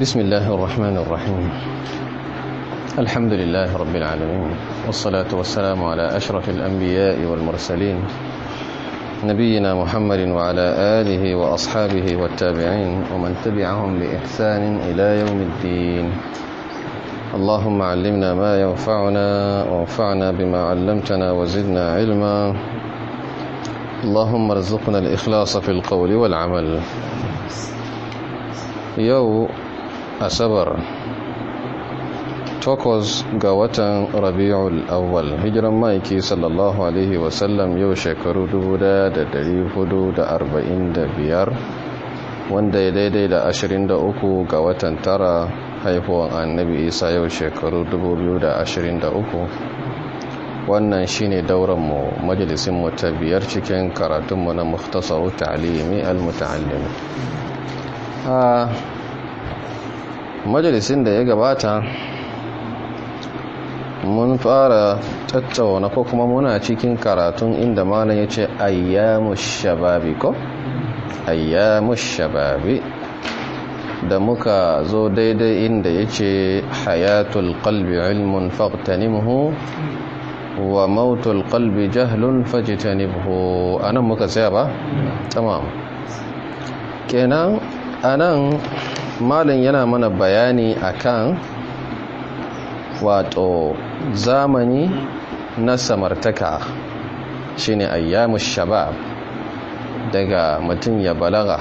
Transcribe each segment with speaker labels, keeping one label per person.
Speaker 1: بسم الله الرحمن الرحيم الحمد لله رب العالمين والصلاة والسلام على أشرف الأنبياء والمرسلين نبينا محمد وعلى آله وأصحابه والتابعين ومن تبعهم بإحسان إلى يوم الدين اللهم علمنا ما ينفعنا وانفعنا بما علمتنا وزدنا علما اللهم ارزقنا الإخلاص في القول والعمل يو asabar takwas ga watan rabi'ul awwal hijiran ma'aiki sallallahu alaihi wasallam yau shekaru 1445 wanda ya daidai da 23 ga watan tara haifuwan annabi isa yau shekaru 2023 wannan shine dauranmu majalisinmu ta biyar cikin karatunmu na muhtasar ta'alimi al-muta'allim ah, majalisin da ya gabata mun fara tattauna ko kuma muna cikin karatun inda malam ya ce shababi ko shababi da muka zo daidai inda ya ce hayatul kalbi ilmun faqtanimhu wa mautul kalbi jahlun a anan muka tsaya ba tamam kenan anan malin yana mana bayani akan wato zamani na samartaka shine ayyamu shabab daga mutum ya balaga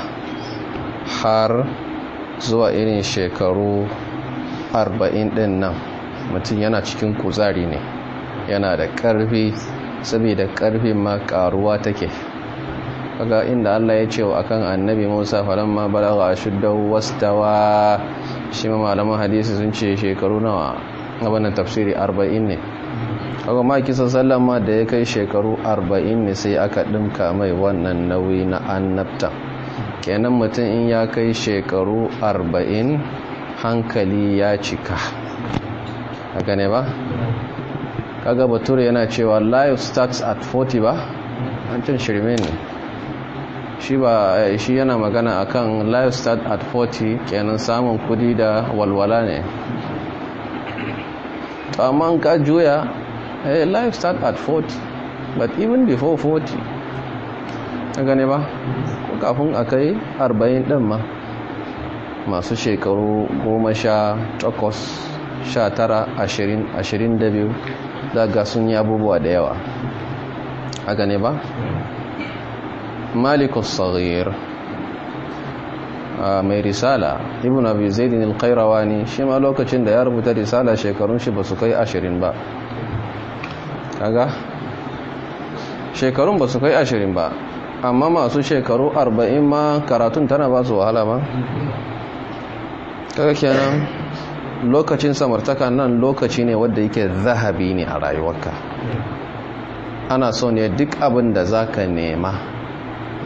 Speaker 1: har zuwa irin shekaru 40 din nan mutum yana cikin kuzari ne yana da ƙarfi saboda ƙarfi ma ƙaruwa take kaga inda Allah ya ce wa akan annabi Musa falamma balagha ashuddahu wastawa shi ma malaman hadisi sun ce shekaru nawa gabanin tafsiri 40 ne kaga ma kisa sallama da ya kai shekaru 40 ne sai aka ɗimka mai wannan nauyi na annabta kenan mutum in ya kai shekaru 40 hankali ya cika kaga ne ba kaga bature yana cewa life starts at 40 ba an cin shirme ne shi ba eh, shi yana magana akan life start at 40 kenan samun kudi da walwala ne amma ka juya hey, eh, life start at 40 but even before 40 ta gane ba ko kafin a kai 40 din ma masu shekaru goma sha takwas sha daga sun yi abubuwa da yawa a gane ba malikus saghir ah, mai risala ibn abi zaidin al-qayrawani shi ma lokacin da ya rubuta risala shekarun shi ba su kai ashirin ba kaga shekarun ba su kai ashirin ba amma masu shekaru arba'in ma karatun tana ba su wahala ba kaga kenan lokacin samartaka nan lokaci ne wadda yake zahabi ne a rayuwarka ana so ne duk abin da za ka nema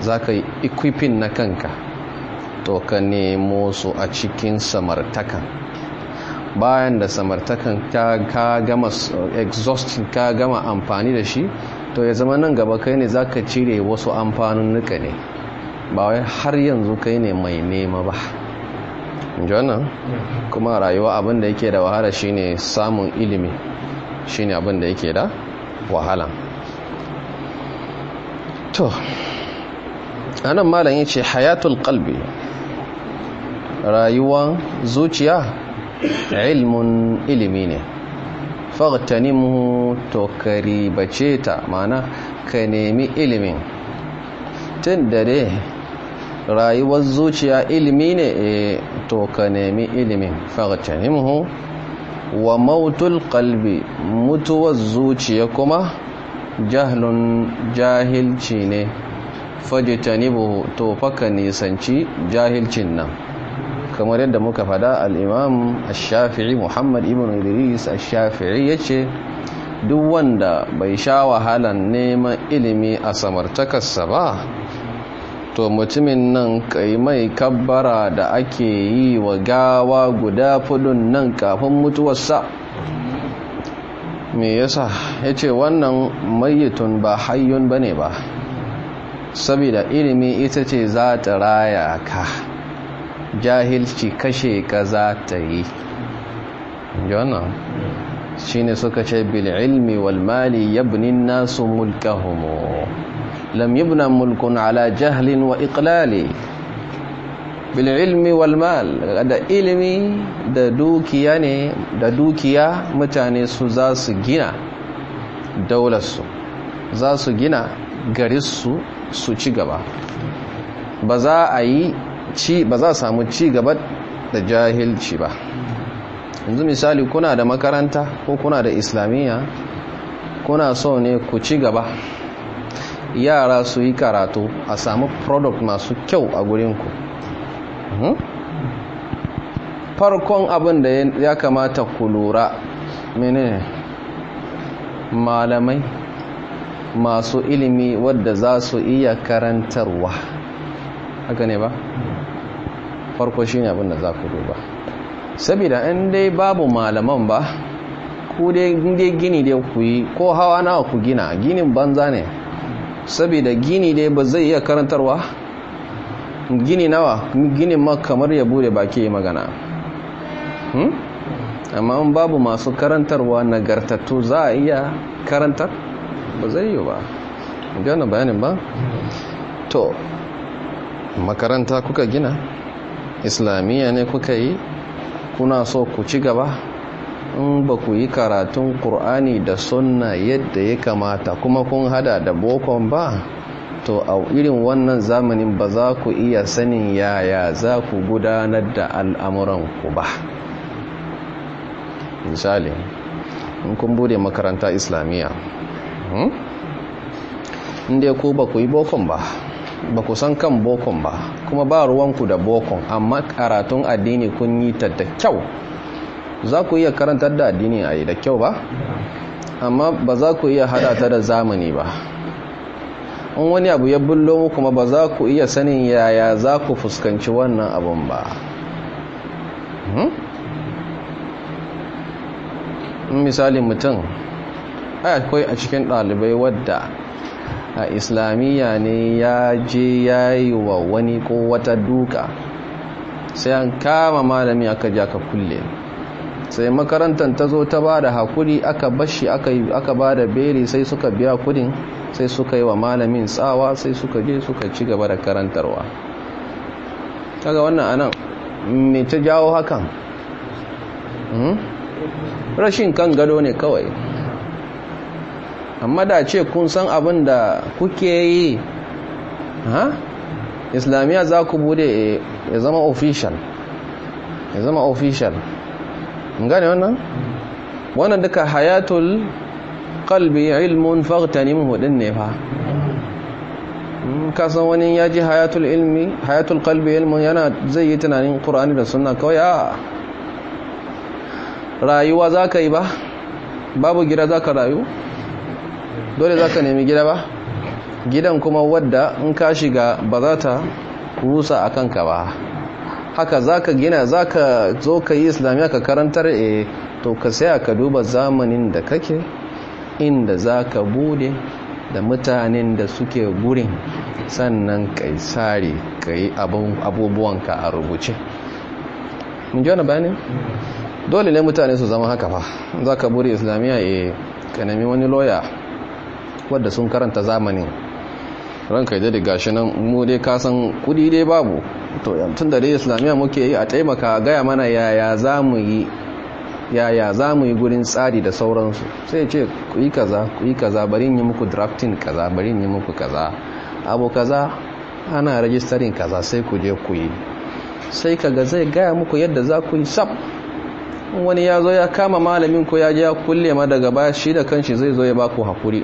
Speaker 1: za ka yi equipping na kanka to ka nemo su a cikin samartakan bayan da samartakan ka gama exhausting ka gama amfani da shi to ya zama nan gaba kai ne za ka cire wasu amfanin nuka ne ba wai har yanzu kai ne mai nema ba jana kuma rayuwa abinda yake da wahala shine samun ilimi shine abin da yake da wahala to anan malam ya ce hayatul kalbi rayuwan zuciya ilmun ilimi ne fagtanimu to karibace ta mana ka nemi ilimin tun dare rayuwar zuciya ilimi ne e to ka nemi ilimin fagtanimu wa mautul kalbi mutuwar zuciya kuma jahlun jahilci ne fajitanibuhu to faka nisanci jahilcin nan kamar yadda muka fada al'imam ash-shafi'i muhammad ibn idris ash-shafi'i ya ce duk wanda bai sha wahalan neman ilimi a samartakarsa ba to mutumin nan kai mai kabbara da ake yi wa gawa guda fudun nan kafin mutuwarsa me yasa ya ce wannan mayyitun ba hayyun bane ba saboda ilimi ita ce za ta raya ka jahilci kashe ka za ta yi jona shi ne suka ce bil ilmi wal mali yabnin nasu mulkahumu lam yabna mulkun ala jahlin wa iqlali bil ilmi wal mal da ilimi da dukiya ne da dukiya mutane su za su gina daularsu za su gina garinsu su ci gaba ba za a yi ci ba za a samu ci gaba da jahilci ba yanzu misali kuna da makaranta ko kuna da islamiyya kuna so ne ku ci gaba yara su yi karatu a samu product masu kyau a gurinku hmm? farkon abin da ya kamata ku lura mene malamai masu ilimi wadda za su iya karantarwa haka ne ba farko shi ne abinda za ku duba saboda in dai babu malaman ba ku dai gini dai ku yi ko hawa nawa ku gina ginin banza ne saboda gini dai ba zai iya karantarwa gini nawa gini ma kamar ya bude baki magana hmm? amma in babu masu karantarwa nagartattu za a iya karantar ba zai yi ba gane bayanin ba to makaranta kuka gina islamiyya ne kuka yi kuna so ku ci gaba in ba ku yi karatun kur'ani da sunna yadda ya kamata kuma kun hada da bokon ba to a irin wannan zamanin ba za ku iya sanin yaya za ku gudanar da al'amuranku ba misali in kun bude makaranta islamiyya Hmm? inda ku ba ku yi bokon ba ba ku san kan bokon ba kuma ba ruwanku da bokon amma karatun addini kun yi ta da kyau za ku iya karantar da addini a yi da kyau ba amma ba za ku iya hada ta da zamani ba in wani abu ya bullo kuma ba za ku iya sanin yaya za ku fuskanci wannan abun ba hmm? misali mutum akwai a cikin ɗalibai wadda a islamiyya ne ya je ya yi wa wani ko wata duka sai an kama malami aka ji aka kulle sai makarantar ta zo ta ba da haƙuri aka bashi aka ba da beri sai suka biya kudin sai suka yi wa malamin tsawa sai suka je suka ci gaba da karantarwa kaga wannan anan me ta jawo hakan hmm? rashin kan gado ne kawai amma da ce kun san abin da kuke yi ha islamiyya za ku bude eh, ya zama official ya zama official gane wannan wannan duka hayatul kalbi ilmun faghtanimhu din ne fa hmm, ka san wani ya ji hayatul ilmi hayatul kalbi ilmun yana zai yi tunanin kur'ani da suna kawai a rayuwa za ka yi ba babu gida za ka rayu dole za ka nemi gida ba gidan kuma wadda in ka shiga ba za ta rusa a kanka ba haka za ka gina za ka zo ka yi islamiyya ka karantar e to ka saya ka duba zamanin da kake inda za ka bude da mutanen da suke gurin sannan kai sare ka yi abubuwanka a rubuce mun jona wani dole ne mutane su zama haka ba za ka buri islamiyya e ka nemi wani loya wadda sun karanta zamanin ranka da gashi nan mu dai kasan kudi dai babu to tun da dai islamiyya muke yi a taimaka gaya mana yaya za mu yi yaya za mu yi gurin tsari da sauransu sai ce ku yi kaza ku yi kaza bari yi muku drafting kaza bari yi muku kaza abu kaza ana rajistarin kaza sai ku je ku yi sai kaga zai gaya muku yadda za ku yi sab wani ya zo ya kama malamin ko ya je ya kulle ma daga baya shi da kanshi zai zo ya baku hakuri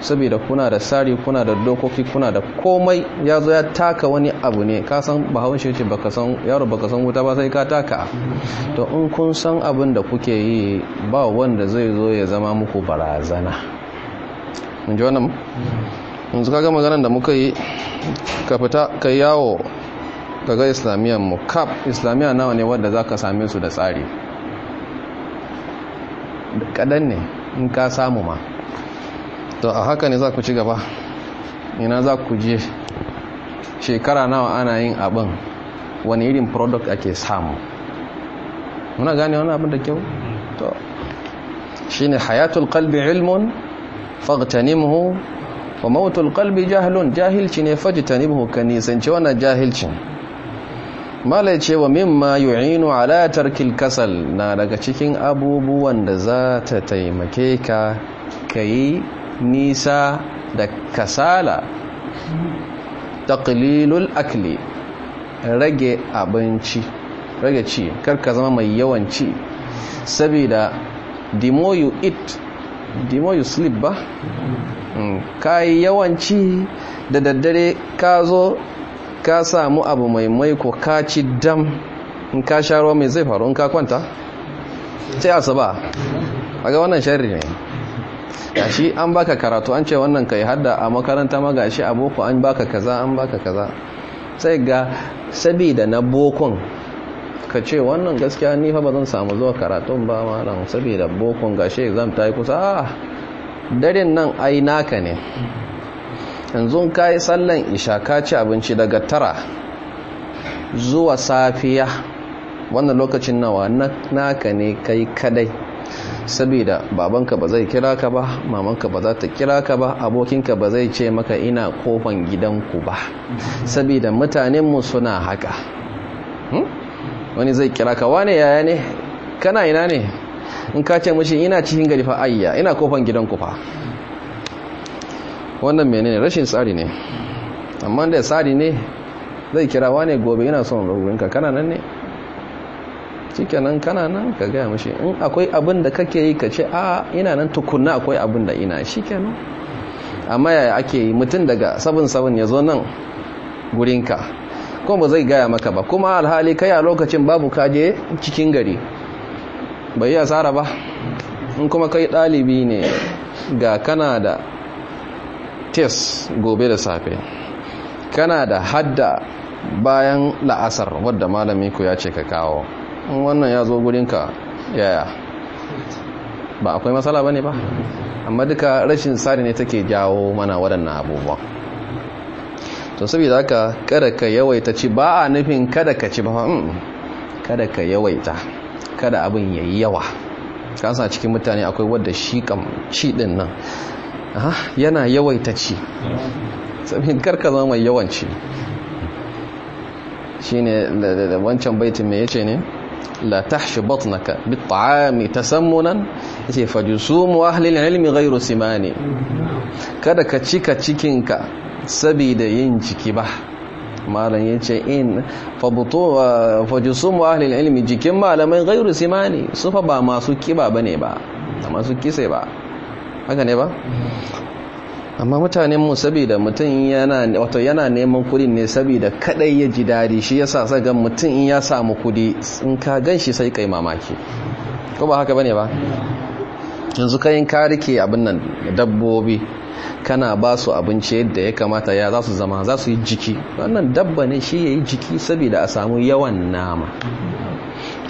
Speaker 1: saboda kuna da tsari kuna da dokoki kuna da komai ya zo ya taka wani abu ne ka san shi ce baka san yaro baka san wuta ba sai ka taka to in kun san abin da kuke yi ba wanda zai zo ya zama muku barazana mun ji wannan yanzu kaga maganar da muka yi ka fita ka yawo kaga islamiyan mu kap islamiyan nawa ne wanda ka same su da tsari kadan ne in ka samu ma to a haka ne za ku ci gaba ina za ku je shekara nawa ana yin abin wani irin product ake samu muna gane wani abin da kyau to ne hayatul kalbi ilmun fagtanimu wa mawutul kalbi jahilun jahilci ne fajtanimhu ka nisanci wannan jahilcin malai ce wa mimma yu'inu ala tarkil kasal na daga cikin abubuwan da za ta taimake ka yi. nisa da kasala taqlilul akli rage abinci rage ci karka zama mai yawan ci saboda the more you eat the more you sleep ba mm, ka yi yawanci da daddare ka zo ka samu abu mai maiko ka ci dam in ka sha ruwa mai zai faru in ka kwanta sai asaba a ga wannan shari ne gashi an baka karatu an ce wannan kai hadda a makaranta ma gashi a boko an baka kaza an baka kaza sai ga sabida na bokon ka ce wannan gaskiya ni fa ba zan samu zuwa karatun ba malam sabida bokon gashi exam ta kusa a ah, daren nan ai naka ne yanzu ka yi sallan isha ka ci abinci daga tara zuwa safiya wannan lokacin nawa naka ne kai kadai saboda babanka ba zai kira ka ba mamanka ba za ta kira ka ba abokinka ba zai ce maka ina kofan gidanku ba saboda mutanenmu suna haka hmm? wani zai kira ka wane yaya ne kana ina ne in ka ce mashi ina cikin gari fa ayya ina kofan gidanku fa wannan menene rashin tsari ne amma da tsari ne zai kira wane gobe ina son ka kana nan ne shikenan kana nan ka gaya mashi in akwai abin da kake yi ka ce a ina nan tukunna akwai abin da ina shikenan amma yaya ake yi mutum daga sabon sabon ya zo nan gurinka kuma ba zai gaya maka ba kuma alhali kai a lokacin babu kaje cikin gari bai yi asara ba in kuma kai ɗalibi ne ga kana da tes gobe da safe kana da hadda bayan la'asar wadda malami ku ya ce ka kawo wannan ya zo ka yaya ba akwai matsala ba ne ba amma duka rashin tsari ne take jawo mana waɗannan abubuwa to saboda haka kada ka yawaita ci ba a nufin kada ka ci ba mm, kada ka yawaita kada abin ya yi yawa kasa cikin mutane akwai wadda shi kam ci din nan yana yawaita ci saboda karka zama mai yawanci ne wancan baitin me yace ne la tahshi batnaka bit'ami tasammunan yace fajusumu ahli ilmi ghayru simani kada ka cika cikinka saboda yin ciki ba malam yace in fabutu fajusumu ahli ilmi jikin malamai ghayru simani su fa ba masu kiba bane ba masu kise ba haka ne ba amma mutanen mu saboda mutum yana neman kudi ne saboda kadai ya ji dadi shi yasa sa ga mutum in ya samu kudi in ka ganshi sai kai mamaki ko ba haka bane ba yanzu kayan ka rike abin nan dabbobi kana ba su abinci yadda ya kamata ya za su zama za su yi jiki wannan dabba ne shi ya yi jiki saboda a samu yawan nama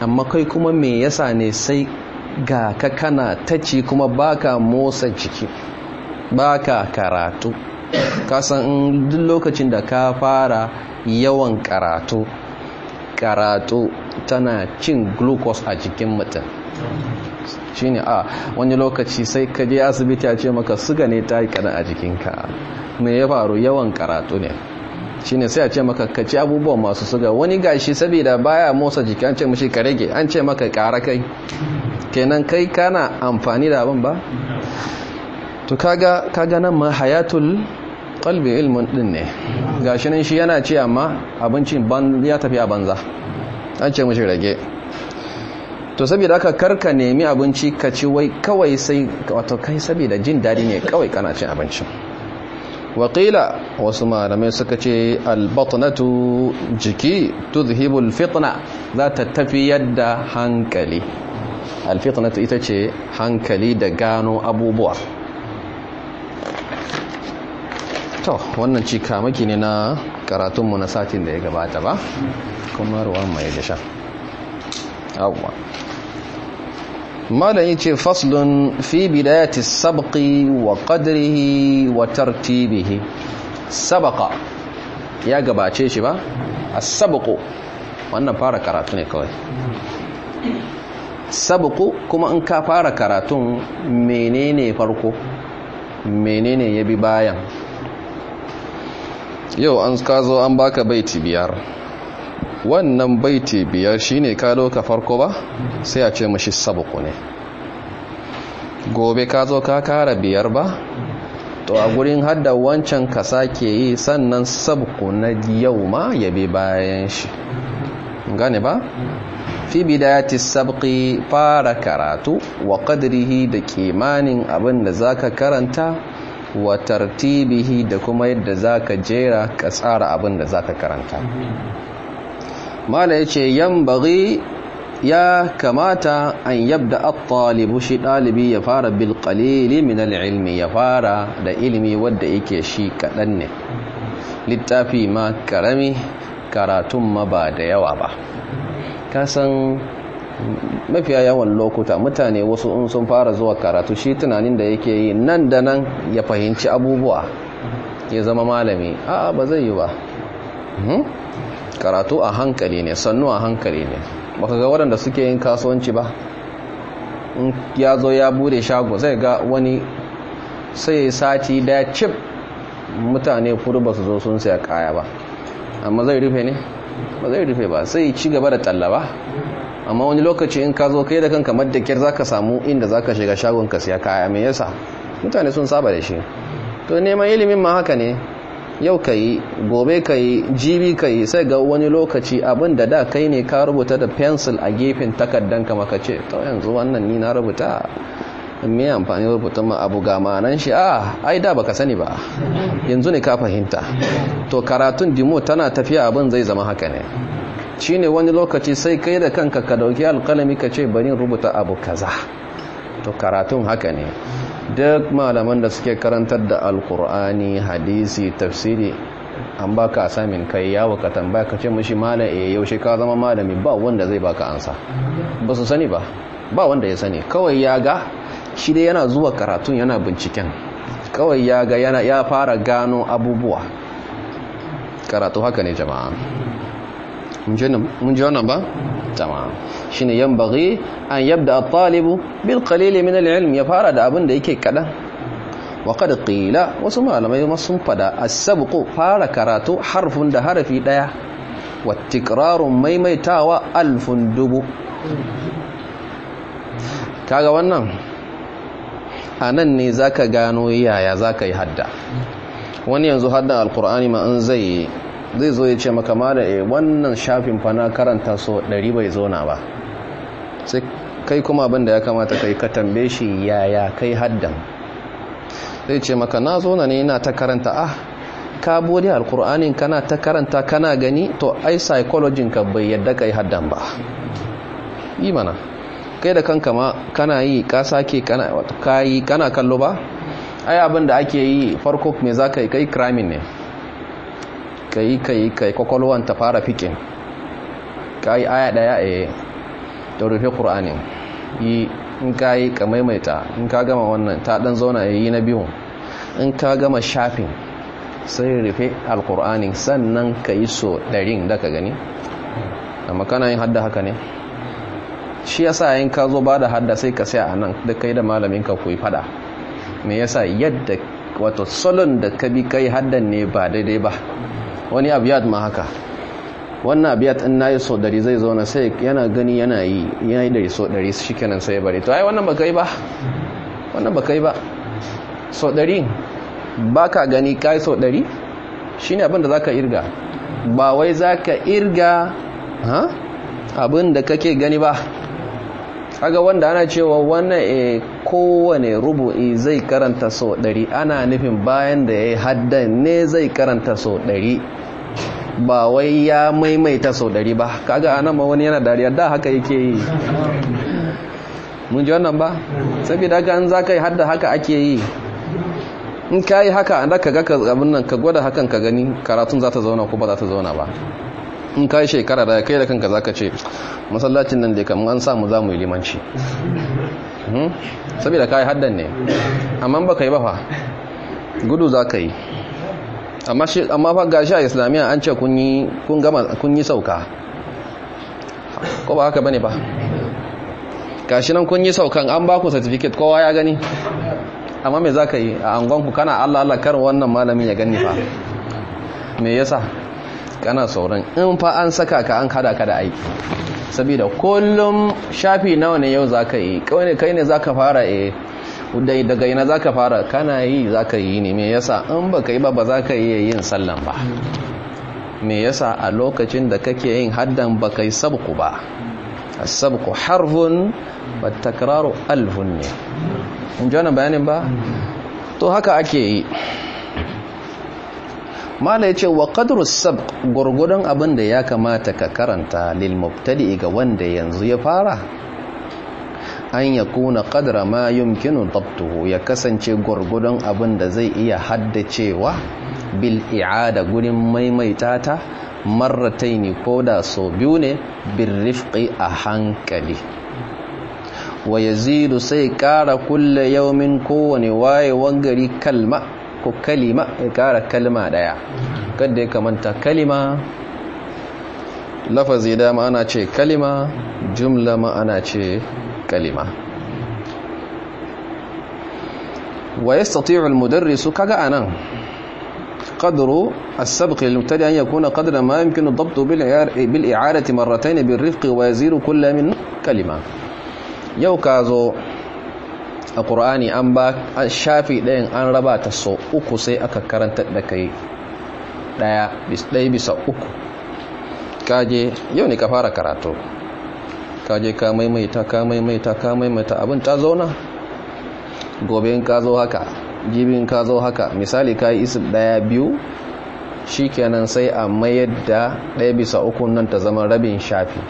Speaker 1: amma kai kuma me yasa ne sai ga ka kana ta ci kuma baka motsa jiki baka karatu kasan in duk lokacin da ka fara yawan karatu karatu tana cin glucose a jikin mutum ne a ah, wani lokaci sai ka je asibiti a ce maka suga ne ta yi kadan a jikinka me ya faru yawan karatu ne shi ne sai a ce maka ka ci abubuwan masu suga wani gashi saboda baya motsa jiki an ce mashi ka rage an ce maka kara kai kenan kai kana amfani da abin ba to kaga kaga nan ma hayatul qalbi ilmun din ne gashi nan shi yana ce amma abincin ya tafi a banza an ce mishi rage to saboda haka karka nemi abinci ka ci wai kawai sai wato kai saboda jin dadi ne kawai kana cin abincin waƙila wasu malamai suka ce albatnatu jiki tuzhibul fitna za ta tafi yadda hankali alfitnatu ita ce hankali da gano abubuwa to wannan cika maki ne na karatunmu na satin da ya gabata ba kuma ruwa mai da sha abuwa malayi ce faslun fi bidayati sabaki wa qadrihi wa tartibihi sabaka ya gabace shi ba a sabako wannan fara karatu ne kawai sabako kuma in ka fara karatun menene farko menene ya bi bayan yau an kazo an baka baiti biyar wannan baiti biyar shine ka farko ba sai a ce mashi sabuku ne gobe kazo ka kara biyar ba to a gurin hada wancan ka sake yi sannan sabuku na yau ma ya bi bayan shi gane ba fi bidayati sabqi fara karatu wa qadrihi da kimanin abin da zaka karanta wa tartibihi da kuma yadda zaka jera ka tsara abin da za ka karanta mala yace yanbaghi ya kamata an yabda at-talibu shi ɗalibi ya fara bil minal min al-ilmi ya fara da ilimi wanda yake shi kaɗan ne littafi ma karami karatun ma ba da yawa ba kasan mafiya yawan lokuta mutane wasu in sun fara zuwa karatu shi tunanin da yake yi nan da nan ya fahimci abubuwa ya zama malami a ba zai yi ba hmm? karatu a hankali ne sannu a hankali ne baka ga waɗanda suke yin kasuwanci ba in ya zo ya bude shago zai ga wani sai sati daya cip mutane kudu ba su zo sun saya kaya ba amma zai rufe ne ba zai rufe ba sai ci gaba da tallaba amma wani lokaci in ka zo kai da kanka za ka samu inda za ka shiga shagon ka siya kaya me yasa mutane sun saba da shi to neman ilimin ma haka ne yau ka yi gobe ka yi jibi ka yi sai ga wani lokaci abin da da kai ne ka rubuta da pencil a gefen takardan ka maka ce to yanzu wannan ni na rubuta me amfani rubutun ma abu ga ma'anan shi a ah, ai da baka sani ba yanzu ne ka fahimta to karatun dimo tana tafiya abin zai zama haka ne shine wani lokaci sai kai da kanka ka dauki alkalami ka ce bari rubuta abu kaza to karatun haka ne duk malaman da suke karantar da alkur'ani hadisi tafsiri an baka asamin kai yawo ka tambaya ka ce mishi malam eh yaushe ka zama malami ba wanda zai baka ansa ba su sani ba ba wanda ya sani kawai ya ga shi dai yana zuwa karatun yana binciken kawai ya ga yana ya fara gano abubuwa karatu haka ne jama'a mun ji wannan ba tamam yan yanbaghi an yabda a talibu bil qalil min ilm ya fara da abin da yake kada wa qad wasu malamai ma sun fada a sabqu fara karatu harfin da harafi daya wa tikrarun maimaitawa alfin dubu kaga wannan a nan ne zaka gano yaya ka yi hadda wani yanzu hadda alkur'ani ma an zai zai zo ya ce maka da eh wannan shafin fana karanta so ɗari bai zona ba sai kai kuma abin da ya kamata kai ka tambaye shi yaya kai haddan zai ce maka na zona ne ina ta karanta ah ka bude alkur'anin kana ta karanta kana gani to ai psychologin ka bai yadda kai haddan ba yi mana kai da kanka ma kana yi ka sake kana kallo ba ai abin da ake yi farko me zaka yi kai kramin ne ka yi ka yi ka yi kwakwalwan ta fara fikin ka yi aya daya eh, a da rufe ƙur'ani yi in ka yi ka maimaita in ka gama wannan ta ɗan zauna ya eh, yi na biyu in ka gama shafin sai rufe alƙur'ani sannan ka yi so ɗarin da ka gani amma kana yin hadda haka ne shi yasa yin ka zo ba da hadda sai ka sai a nan da kai da malamin ka kuyi fada me yasa yadda wato salon da ka bi kai haddan ne ba daidai ba wani abiyat ma haka wannan abiyat in nayi so dari zai zauna sai yana gani yana yi yayi dari so dari shikenan sai ya bare to ai wannan ba yi ba wannan ba yi ba so dari baka gani kai so dari shine abin da zaka irga ba wai zaka irga ha abin da kake gani ba kaga wanda ana cewa wannan e kowane rubu'i zai karanta so dari ana nufin bayan da yayi haddan ne zai karanta so dari ba wai ya maimaita sau ɗari ba kaga ana ma wani yana dariya da haka yake yi mun ji wannan ba saboda haka an za ka yi hadda haka ake yi in ka yi haka an daga gaka abin nan ka gwada hakan ka gani karatun za ta zauna ko ba za ta zauna ba in ka yi shekara da kai da kanka za ka ce masallacin nan da kamar an samu za mu yi limanci hmm? saboda ka yi haddan ne amma ba ka yi ba fa gudu za ka yi amma fa gashi a islamiyya an ce kun yi gama kun yi sauka ko ba haka bane ba gashi nan kun yi saukan an ba ku certificate kowa ya gani amma me ka yi a angonku ku kana Allah Allah kar wannan malamin ya gani fa me yasa kana sauran in fa an saka ka an kada ka da aiki saboda kullum shafi nawa ne yau za ka yi kai ne kai ne fara eh daga yana za ka fara kana yi za ka yi ne me yasa in ba ka yi ba ba za ka iya yin sallan ba me yasa a lokacin da kake yin haddan ba ka yi sabku ba sabku harfun ba alfun ne in ji wani bayanin ba to haka ake yi mala ya ce wa ƙadrus sab gurgudun abin da ya kamata ka karanta lil mubtadi ga wanda yanzu ya fara an ya kuna ƙadra ma yumkinu tabtuhu ya kasance gwargudon abin da zai iya haddacewa bil i'ada gurin maimaita ta marrataini ko da so biyu ne bin a hankali wa yazidu sai ƙara kulle yaumin kowane waye gari kalma ko kalima ya ƙara kalma ɗaya kada ya kamanta kalima lafazi dama ana ce kalima jumla ma ana ce الكلمة ويستطيع المدرس كجأنا قدر السبق للمبتدئ أن يكون قدر ما يمكن الضبط بالإعارة مرتين بالرفق ويزير كل من كلمة يوكازو a ƙur'ani الشافي لين a shafi ɗayan an raba ta sau لا sai aka karanta da كاجي يوني كفارة uku ta je ka maimaita ka maimaita ka maimaita abin ta zauna gobe in ka zo haka jibin ka zo haka misali ka yi isim ɗaya biyu shi kenan sai a mayar da ɗaya bisa uku nan ta zama rabin shafi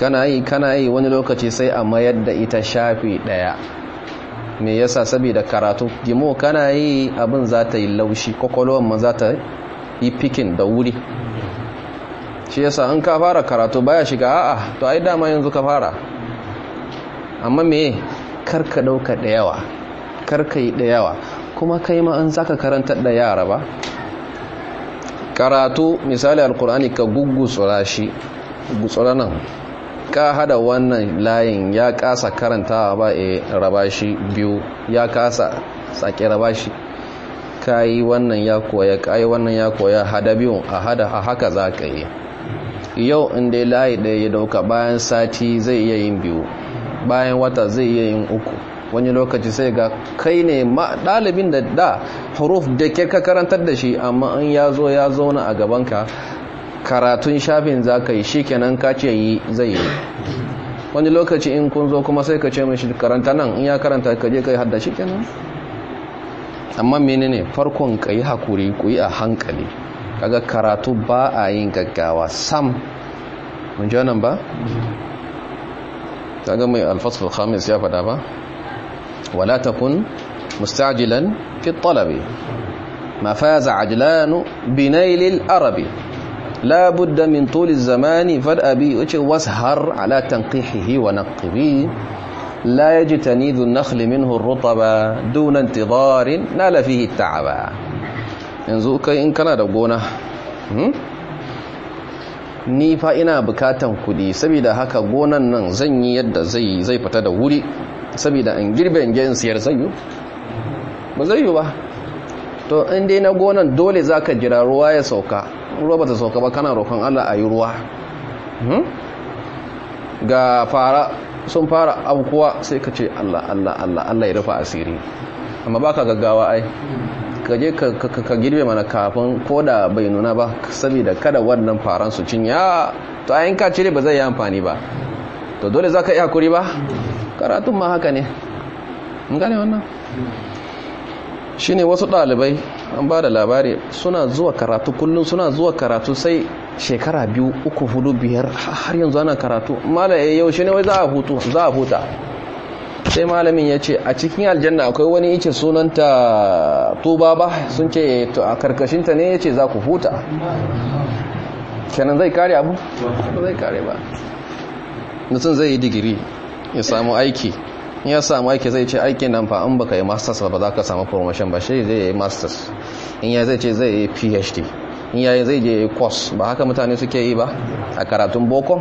Speaker 1: kana yi kana yi wani lokaci sai a mayar da ita shafi ɗaya me yasa saboda karatu gimo kana yi abin za ta yi laushi kwakwalwar ma za ta yi fikin da wuri shi yasa in ka fara karatu baya shiga a'a to ai dama yanzu ka fara amma me karka dauka da yawa karka yi da yawa kuma kai ma an zaka karanta da yara ba karatu misali alkur'ani ka gugutsura shi nan ka hada wannan layin ya kasa karanta ba e raba shi biyu ya kasa sake raba shi ka wannan ya koya ka wannan ya koya hada biyu a hada a haka za ka yi yau inda layi ɗaya ya dauka bayan sati zai iya yin biyu bayan wata zai iya yin uku wani lokaci sai ga kai ne ɗalibin da da huruf da ke ka karantar da shi amma in ya zo ya zauna a gabanka karatun shafin za ka yi shi kenan ka ce yi zai yi wani lokaci in kun zo kuma sai ka ce mai shi karanta nan in ya karanta ka je ka yi hadda shi kenan amma menene farkon ka yi hakuri ku yi a hankali kaga karatu ba a yin gaggawa sam mun ji wannan ba kaga mai alfasul khamis ya fada ba wala takun mustajilan fi talabi ma faza bi ما فاز عجلان بنيل الأربي لا بد fad abi الزمان washar ala tanqihihi wa ونقبه لا يجتنيذ النخل منه الرطب دون انتظار نال فيه التعب yanzu kai in kana da gona hmm? ni fa ina bukatan kudi saboda haka gonan nan zan yi yadda zai zai fita da wuri saboda in girbe in in siyar zai yi ba zai yi ba to in dai na gonan dole zaka jira ruwa ya sauka ruwa ta sauka ba kana roƙon Allah a yi ruwa hmm? ga fara sun fara abukuwa sai ka ce Allah Allah Allah Allah ya rufa asiri amma baka gaggawa ai ka je ka girbe mana kafin ko da bai nuna ba saboda kada wannan faran su cinya to ayin ka cire ba zai yi amfani ba to dole za ka yi hakuri ba karatun ma haka ne gane wannan shi ne wasu ɗalibai an ba da labari suna zuwa karatu kullum suna zuwa karatu sai shekara biyu uku hudu biyar har yanzu ana karatu mala eh, yaushe ne wai za a za a huta sai malamin ya ce a cikin aljanna akwai wani ice sunanta tuba ba sun ce eh, a karkashinta ne ya ce za ku huta kenan zai kare abu zai kare ba mutum zai yi digiri ya samu aiki ya samu aiki zai ce aikin nan fa'an an baka yi masters ba za ka samu promotion ba shi zai yi masters in ya zai ce zai yi phd in ya zai je yi course ba haka mutane suke yi ba a karatun boko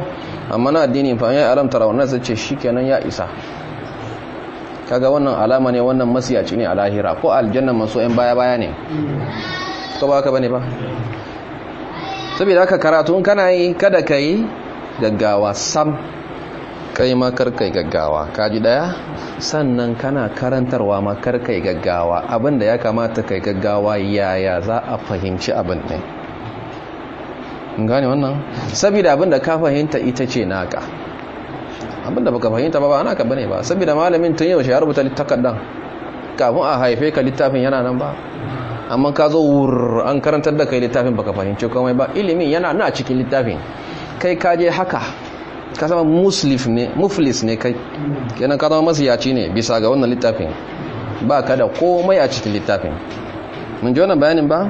Speaker 1: amma na addini fa'an ya alamtara wannan zai ce shi kenan ya isa kaga wannan alama ne wannan masiyaci ne a lahira ko aljanna masu yan baya-baya ne ko ba ka bane ba saboda haka karatu kana yi kada ka yi gaggawa sam kai ma karkai gaggawa kaji daya sannan kana karantarwa ma karkai gaggawa abinda ya kamata kai gaggawa yaya za a fahimci abin ne gane wannan saboda abinda ka fahimta ita ce naka abinda baka fahimta ba ba ana ka bane ba saboda malamin tun yau shi ya rubuta takardan kafin a haife ka littafin yana nan ba amma ka zo wur an karantar da kai littafin baka fahimci komai ba ilimin yana nan cikin littafin kai ka je haka ka zama muslif ne muflis ne kai kenan ka zama masiyaci ne bisa ga wannan littafin ba ka da komai a cikin littafin mun ji wannan bayanin ba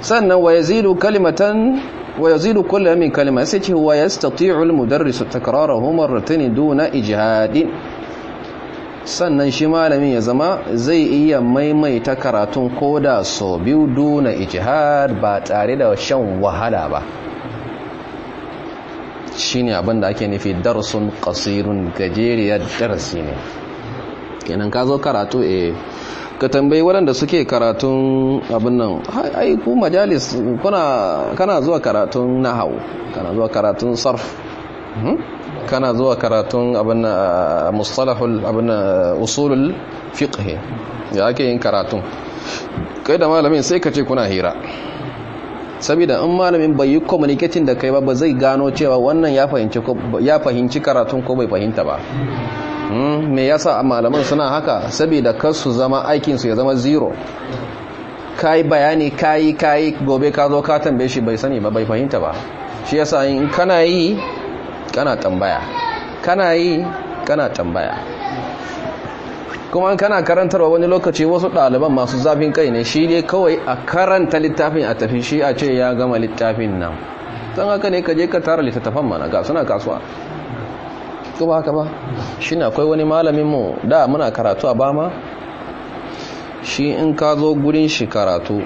Speaker 1: sannan wa yazidu kalimatan ويزيد كل من كلمة سيكه ويستطيع المدرس تكراره مرتين دون إجهاد sannan shi malamin ya zama zai iya maimaita karatun koda so biyu duna ijihad ba tare da shan wahala ba shine ne abinda ake nufi darsun kasirun gajeriyar darasi ne kenan ka zo karatu eh ka tambayi waɗanda suke karatun abin nan ai ku majalis kuna kana zuwa karatun nahawu kana zuwa karatun sarf hmm? kana zuwa karatun abin mustalahul abin usulul fiqh ya ake yin karatun kai da malamin sai ka ce kuna hira saboda in malamin bai yi communicating da kai ba ba zai gano cewa wannan ya fahimci karatun ko bai fahimta ba Hmm, me yasa malaman suna haka saboda kasu su zama aikinsu ya zama zero yi bayani kayi yi gobe ka zo ka tambaye shi bai sani ba bai fahimta ba shi yasa in kana yi kana tambaya kana yi kana tambaya kuma kana karantarwa wani lokaci wasu ɗaliban masu zafin kai ne shi ne kawai a karanta littafin a tafi shi a ce ya gama littafin nan don haka ne ka je ka tara littattafan mana ga suna kasuwa ko ba haka ba shi ne akwai wani malamin mu. da muna karatu a bama shi in ka zo gurin shi karatu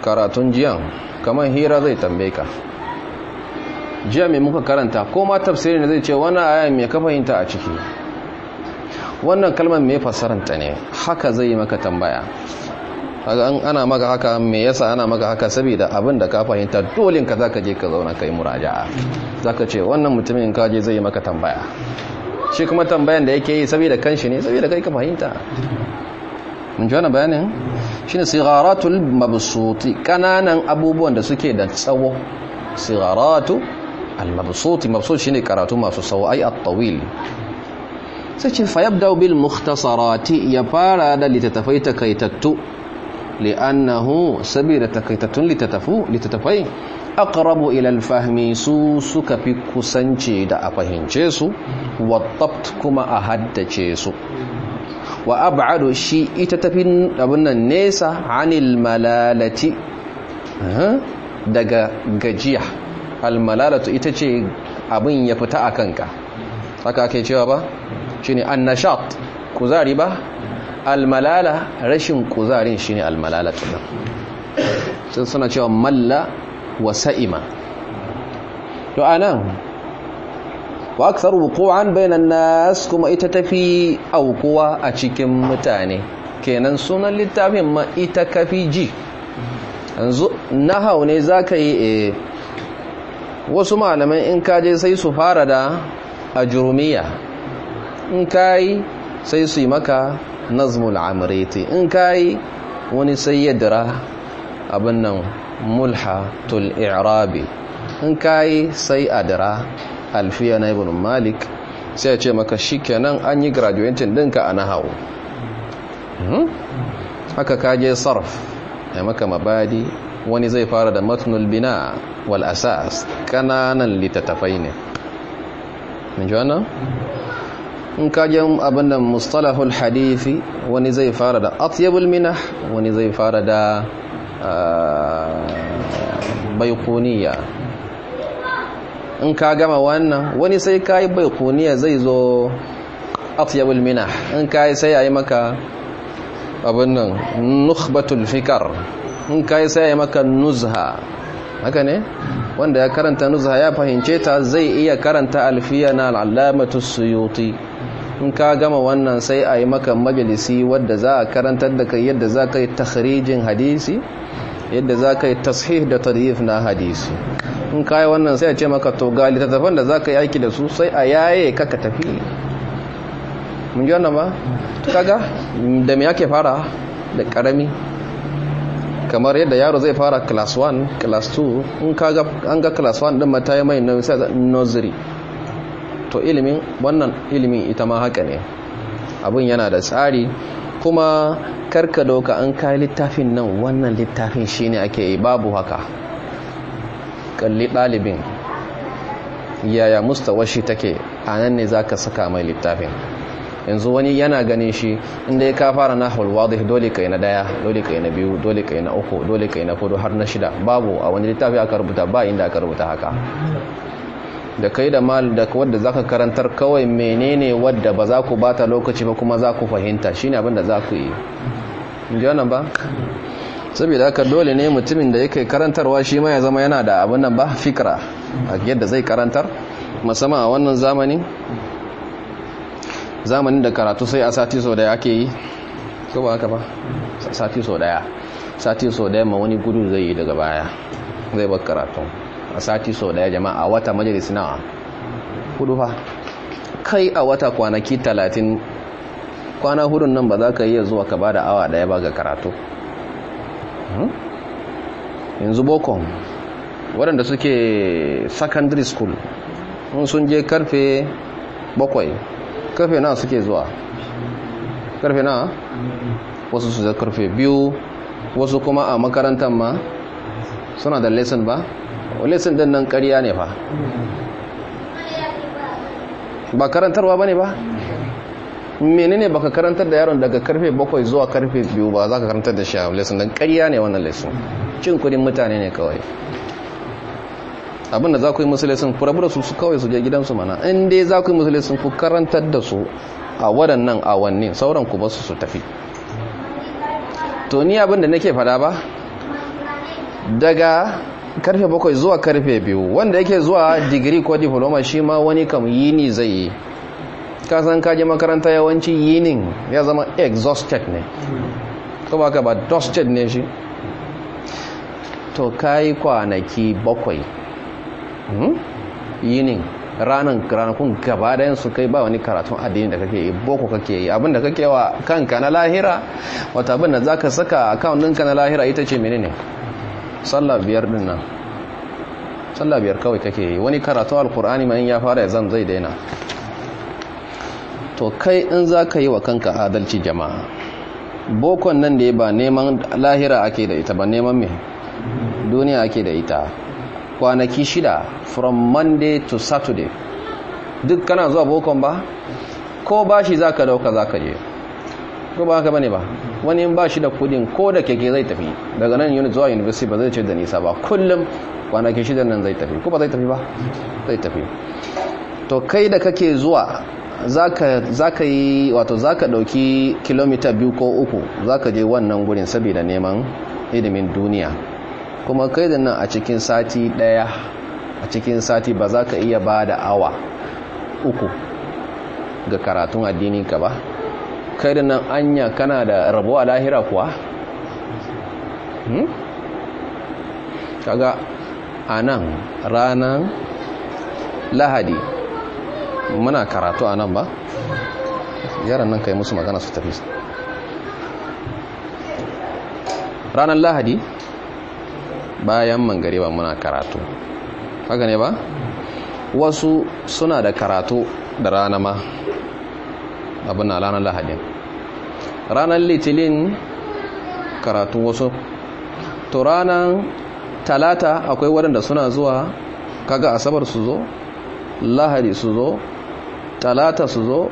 Speaker 1: karatun jiyan kamar hira zai tambe ka jiya mai muka karanta ko ma tafsiri ne zai ce wannan ayan mai ka fahimta a ciki wannan kalmar mai fasaranta ne haka zai yi maka tambaya ana maka haka me yasa ana maka haka saboda abin da ka fahimta dolin ka zaka je ka zauna kai muraja'a zaka ce wannan mutumin ka je zai maka tambaya shi kuma tambayan da yake yi saboda kanshi ne saboda kai ka fahimta mun ji wannan bayanin shine sigaratul mabsuti kananan abubuwan da suke da tsawo sigharatu al-mabsuti mabsut shine karatu masu tsawo ai at-tawil sai ce fayabda bil mukhtasarati ya fara da littattafai takaitattu li'annahu sabida takaitatun litatafu litatafai aqrabu ila alfahmi su suka fi kusance da a fahimce su wa kuma a haddace su wa ab'adu shi ita tafin abin nan nesa anil malalati daga gajiya almalalatu ita ce abin ya fita a kanka haka ake cewa ba shine annashat kuzari ba almalala rashin kuzarin shi ne almalala tunan sun suna cewa malla wa sa'ima to a nan wa aksar wukuwan bainan nas kuma ita ta fi aukuwa a cikin mutane kenan sunan littafin ma ita ka fi ji yanzu nahau ne za ka yi eh, wasu malaman in kaje sai su fara da a jirumiya in kayi sai su yi maka nazmul amriti in kai wani sai ya dira abin nan mulhatul i'rabi in kai sai adira alfiya na ibn malik sai ya ce maka kenan an yi din ɗinka a hawo hmm? haka ka kaje sarf ya maka mabadi wani zai fara da matnul bina wal asas kananan littattafai ne in kajen abin da mustalahul hadithi wani zai fara da atyabul minah wani zai fara da ah, baikuniya in ka gama wannan wani sai ka yi baikuniya zai zo atyabul minah in ka yi sai a yi maka abin nan nukhbatul fikar in ka yi sai a yi maka nuzha haka ne wanda ya karanta nuzha ya fahimce ta zai iya karanta alfiya na al'alamatu suyuti in ka gama wannan sai a yi maka majalisi wadda za a karantar da kai yadda za ka yi tasirijin hadisi yadda za ka yi tashih da tarif na hadisi in ka yi wannan sai a ce maka to ta littattafan da za ka yi aiki da su sai a yaye ka ka tafi mun ji wannan ba kaga da me fara da karami kamar yadda yaro zai fara class 1 class 2 in kaga an ga class 1 din mata mai nursery to ilimin wannan ilimin ita ma haka ne abun yana da tsari kuma karka doka an kai littafin nan wannan littafin shine ake yi babu haka kalli dalibin yaya mustawar shi take a nan ne zaka saka mai littafin yanzu wani yana ganin shi inda ya ka fara nahul wadih dole kai na daya dole kai na biyu dole kai na uku dole kai na hudu har na shida babu a wani littafi aka rubuta ba inda aka rubuta haka da kai da mal da wadda zaka karantar kawai menene wadda ba za ku bata lokaci ba kuma za ku fahimta shine abin da za ku yi inji wannan ba saboda haka dole ne mutumin da yake karantarwa shi ma ya zama yana da abin nan ba fikra a yadda zai karantar musamman a wannan zamani zamanin da karatu sai a sati sau daya ake yi ko ba haka ba sati sau daya sati sau daya ma wani gudu zai yi daga baya zai bar karatu a sati sau daya jama'a a wata majalis nawa hudu fa kai a wata kwanaki talatin kwana hudun nan ba za ka yi zuwa ka ba da awa daya ba ga karatu hmm? yanzu bokon waɗanda suke secondary school sun je karfe bakwai karfe na suke zuwa karfe na wasu su da karfe biyu wasu kuma a makarantar ma suna da lesson ba lesson din nan ƙarya ne fa ba karantarwa ba ne ba menene baka karantar da yaron daga karfe bakwai zuwa karfe biyu ba za ka karantar da shi a lesson din ƙarya ne wannan lesson cin kudin mutane ne kawai abinda za ku yi musulai sun ku rabu da su su kawai su je gidansu mana in dai za ku yi musulai ku karantar da su a waɗannan awanni sauran ku basu su tafi to ni abinda nake fada ba daga karfe bakwai zuwa karfe 2 wanda yake zuwa digiri ko diploma shi ma wani kam yini zai yi kasan kaji makaranta yawanci yinin ya zama exhausted ne to ba ka ba dusted ne shi to kayi kwanaki bakwai Hmm? yinin ranar ranakun gaba yin su kai ba wani karatun addini da kake yi boko kake yi abinda kake wa kanka na lahira wata abin da ka saka akawuninka na lahira ita ce menene sallar biyar din nan sallah biyar kawai kake yi wani karatun alkur'ani in ya fara zan zai daina to kai in za ka yi wa kanka adalci jama'a bokon nan da ya ba neman lahira ake da ita ba neman mai duniya ake da ita kwanaki shida from monday to saturday duk kana zuwa bokon ba ko bashi za ka dauka za ka je ko ba haka bane ba wani ba bashi da kudin ko da keke zai tafi daga nan unit zuwa university ba zai ce da nisa ba kullum kwanaki shida nan zai tafi ko ba zai tafi ba zai tafi to kai da kake zuwa za ka yi wato za ka ɗauki kilomita biyu ko uku za ka je wannan gurin saboda neman ilimin duniya kuma kai da nan a cikin sati daya a cikin sati ba za ka iya ba da awa uku ga karatun addininka ba kai da nan anya kana da rabo a lahira kuwa hmm? kaga a nan ranar lahadi muna karatu a nan ba yaran nan kai musu magana su tafi ranar lahadi bayan mangariba muna karatu haka ne ba wasu suna da karatu da rana ma abin na ranar lahadin ranar litinin karatu wasu to ranar talata akwai waɗanda suna zuwa kaga asabar su zo lahadi su zo talata su zo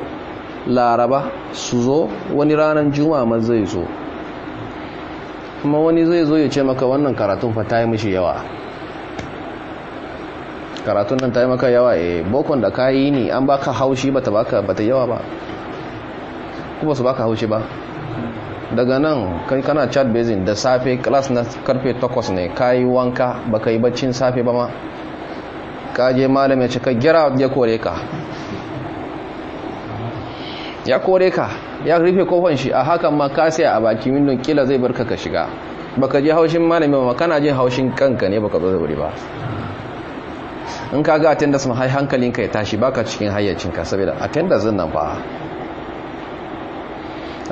Speaker 1: laraba su zo wani ranar juma'a ma zai zo kuma wani zai zo ya ce maka wannan karatun fa ta yi mishi yawa karatun nan ta yi maka yawa eh bokon da ka yi ni an baka haushi ta baka ta yawa ba kuma su baka haushi ba daga nan kai kana chat basin da safe class na karfe 8 ne ka yi wanka baka yi baccin safe ba ma ka je malam ya ce ka gira ya kore ka ya kore ka ya rufe kofan shi a hakan ma ka a baki windon kila zai barka ka shiga baka je haushin malami ba kana jin haushin kanka ne baka zo da wuri ba in ka ga attendance hankalin ka ya tashi baka cikin hayyacinka saboda attendance din nan ba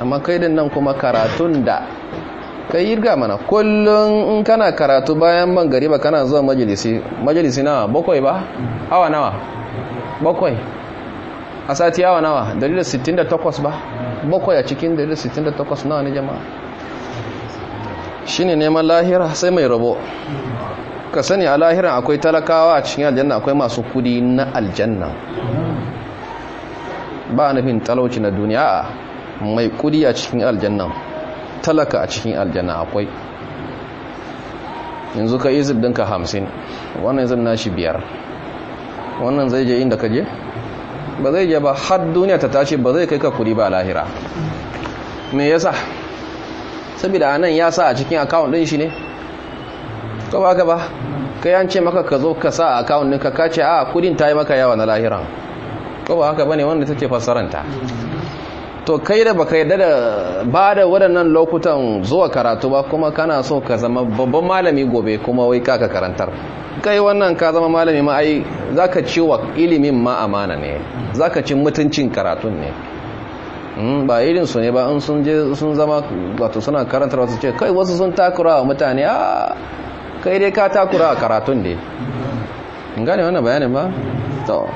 Speaker 1: amma kai din nan kuma karatun da kai yirga mana kullum in kana karatu bayan ban gari ba kana zuwa majalisi majalisi nawa bakwai ba awa nawa bakwai a sati yawa nawa dalilin 68 ba bakwai a cikin dalilin 68 nawa ne jama'a shine neman lahira sai mai rabo ka sani a lahiran akwai talakawa a cikin aljanna akwai masu kudi na aljanna ba nufin talauci na duniya mai kudi a cikin aljanna talaka a cikin aljanna akwai yanzu ka izib dinka hamsin wannan izib nashi biyar wannan zai je inda ka je ba zai yi ba har duniya ta tashi ba zai kai ka kudi ba lahira me yasa saboda anan ya sa a cikin account din shi ne ka ba ka ba kai an ce maka ka zo ka sa a account din ka kace a kudin ta yi maka yawa na lahiran ko ba haka bane wanda take fassaranta to kai da baka yadda da ba da waɗannan lokutan zuwa karatu ba kuma kana so ka zama babban malami gobe kuma wai ka karantar kai wannan ka zama malami ma ai ka ci wa ilimin ma amana ne ka ci mutuncin karatun ne hmm, ba irin su ne ba in sun je sun zama wato suna karantar wasu ce kai wasu sun takura wa mutane a ah, kai dai ka takura wa karatun ne gane wannan bayanin ba to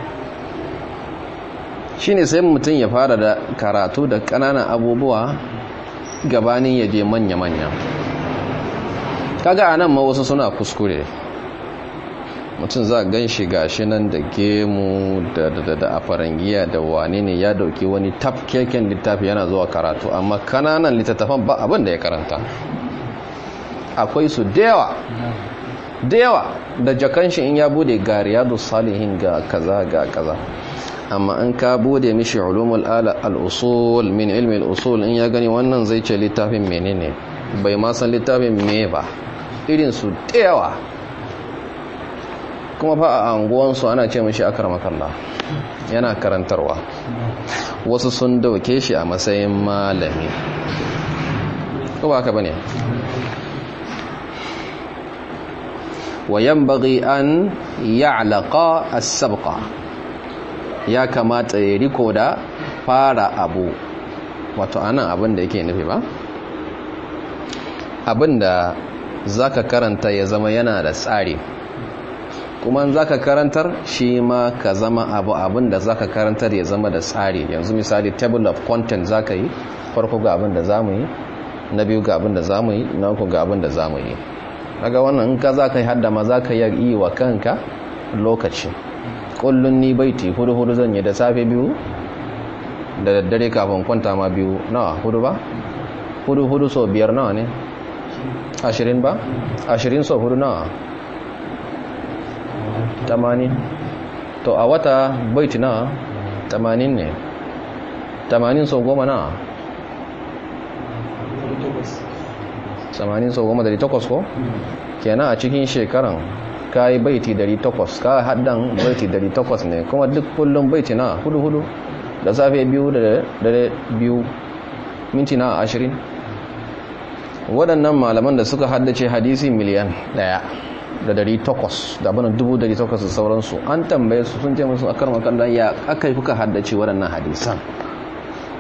Speaker 1: shine sai mutum ya fara da karatu da kananan abubuwa gabanin ya je manya-manya kaga anan ma wasu suna kuskure mutum za a gan shi nan da gemu da da da farangiya da wane ne ya dauki wani tafkeken littafi yana zuwa karatu amma kananan littattafan ba abin da ya karanta akwai su dewa dewa da jakanshi in ya bude ga da salihin ga kaza ga kaza amma an ka bude mishi ulumul ala al-usul min ilmi al-usul in ya gani wannan zai ce littafin menene bai ma san littafin me ba irin su tewa kuma fa a su ana ce mishi akar makalla yana karantarwa wasu sun dauke shi a matsayin malami ko ba ka bane wa yanbaghi an ya'laqa as-sabqa ya kamata ya riko da fara abu wato anan abin da yake nufi ba abin da za ka karanta ya zama yana da tsari kuma za ka karantar shi ma ka zama abu abin da za ka karantar ya zama da tsari yanzu misali table of content za ka yi farko ga abin da za mu yi na biyu ga abin da za mu yi na uku ga abin da za mu yi daga wannan in ka za ka yi hada ma za ka yi wa kanka lokaci kullun ni baiti hudu hudu zan yi da safe biyu da daddare kafin kwanta ma biyu nawa hudu ba hudu hudu so biyar nawa ne ashirin ba ashirin so hudu nawa tamanin to a wata baiti nawa tamanin ne tamanin so goma nawa tamanin so goma da takwas ko kenan a cikin shekaran ka yi baiti 800 ka haɗin baiti 800 ne kuma duk kullum baiti na hudu hudu da safe biyu da dare biyu minti na ashirin waɗannan malaman da suka haddace hadisi miliyan ɗaya da dari takwas da abin dubu dari takwas da sauransu an tambaye su sun ce musu akar makarda ya aka yi kuka haddace waɗannan hadisan